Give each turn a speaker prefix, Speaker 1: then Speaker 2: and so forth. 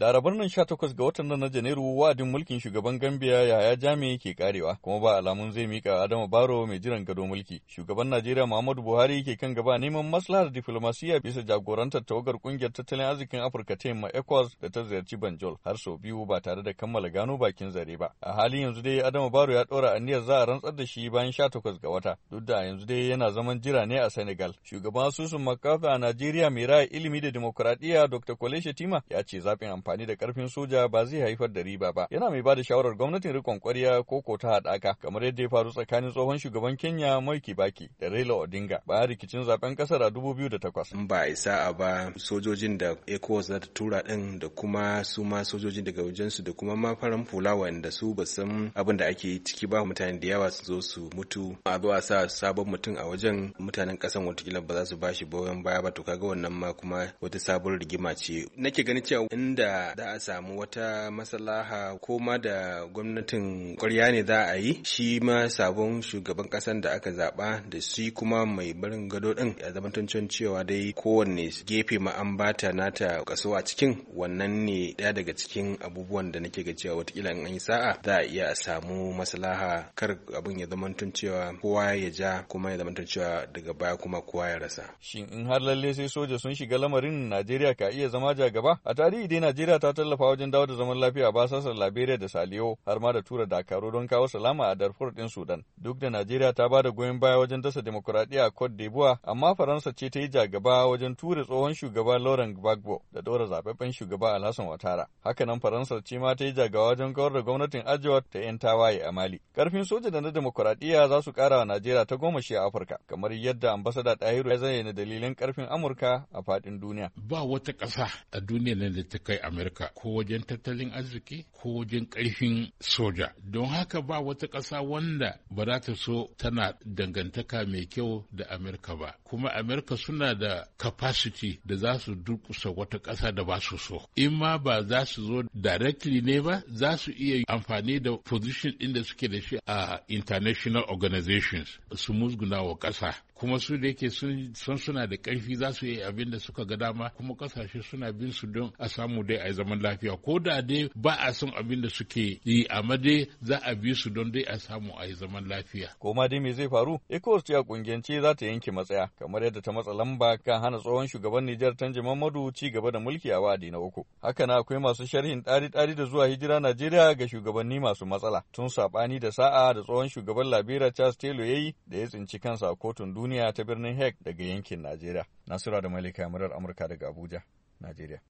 Speaker 1: Larabar nan 18 ga watan nan na Janairu wa'adin mulkin shugaban Gambia Yahaya Jami ke karewa kuma ba alamun zai mika Adama Baro mai jiran gado mulki. Shugaban Najeriya Muhammadu Buhari ke kan gaba neman maslahar diflomasiyya bisa jagorantar tawagar kungiyar tattalin arzikin Afirka ta Yamma ECOWAS da ta ziyarci Banjul har sau biyu ba tare da kammala gano bakin zare ba. A halin yanzu dai Adama Baro ya ɗora aniyar za a rantsar da shi bayan 18 ga wata. Duk da yanzu dai yana zaman jira ne a Senegal. Shugaban asusun makafa a Najeriya mai ra'ayi ilimi da dimokuraɗiyya Dr. Kwale Shetima ya ce zaɓin amfani da karfin soja ba zai haifar da riba ba yana mai da shawarar gwamnatin rikon kwarya ko ko ta hadaka kamar yadda ya faru tsakanin tsohon shugaban Kenya maiki Kibaki da Raila Odinga bayan rikicin zaben kasar a takwas. in ba isa a ba sojojin da ECOWAS za ta tura din da kuma
Speaker 2: su ma sojojin daga wajen da kuma ma faran fula wanda su ba san abin da ake ciki ba mutane da yawa su zo su mutu a zo a sa sabon mutum a wajen mutanen kasan watakila ba za su bashi bayan baya ba to kaga wannan ma kuma wata sabon rigima ce nake ganin cewa inda da za a samu wata maslaha ko ma da gwamnatin ƙwarya ne za a yi shi ma sabon shugaban ƙasan da aka zaɓa da shi kuma mai barin gado ɗin ya zama cewa dai kowanne gefe ma'ambata an ta nata kaso a cikin wannan ne ɗaya daga cikin abubuwan da nake ga cewa watakila in an yi sa'a za a iya samu maslaha kar abin ya zama cewa kowa ya ja kuma ya zama cewa daga baya kuma kowa ya rasa.
Speaker 1: Shin in har lalle sai soja sun shiga lamarin Najeriya ka iya zama jagaba? A tarihi dai Najeriya Najeriya ta tallafa wajen dawo da zaman lafiya a basasar Liberia da Saliyo har ma da tura dakaru don kawo salama a Darfur din Sudan. Duk da Najeriya ta ba da goyon baya wajen dasa demokuraɗiyya a Cote d'Ivoire, amma Faransa ce ta yi jagaba wajen tura tsohon shugaba Laurent Gbagbo da ɗora zaɓaɓɓen shugaba Alhassan Ouattara. Hakanan Faransa ce ma ta yi jagaba wajen kawar da gwamnatin Ajiwa ta 'yan tawaye a Mali. Karfin soja da na demokuraɗiyya za su ƙara wa Najeriya ta goma shi a Afirka, kamar yadda ambasada tahiru ya zayyana dalilan karfin Amurka a faɗin duniya. Ba wata ƙasa a duniya nan da ta kai Amerika
Speaker 3: ko wajen tattalin arziki ko wajen ƙarfin soja. Don haka ba wata ƙasa wanda ba za ta so tana dangantaka mai kyau da Amerika ba. Kuma Amerika suna da capacity da za su durkusa wata ƙasa da ba su so. In ma ba za su zo directly ne ba za su iya amfani da position ɗin da suke da shi a international organizations su musguna wa ƙasa. kuma su da yake sun suna da ƙarfi za su yi abin da suka ga dama kuma ƙasashe suna bin su don a samu dai a zaman lafiya ko da dai ba a son abin da suke yi amma dai za a bi su don dai a samu a zaman lafiya.
Speaker 1: ko ma dai me zai faru ecowas ya kungiyance za ta yanke matsaya kamar yadda ta matsa lamba kan hana tsohon shugaban nijar tanji mamadu ci gaba da mulki a wadi na uku haka na akwai masu sharhin ɗari-ɗari da zuwa hijira najeriya ga shugabanni masu matsala tun saɓani da sa'a da tsohon shugaban labira charles taylor ya yi da ya tsinci kansa a kotun duniya duniya ta birnin Hague daga yankin Najeriya. Nasura da Malika Murar Amurka daga Abuja, Najeriya.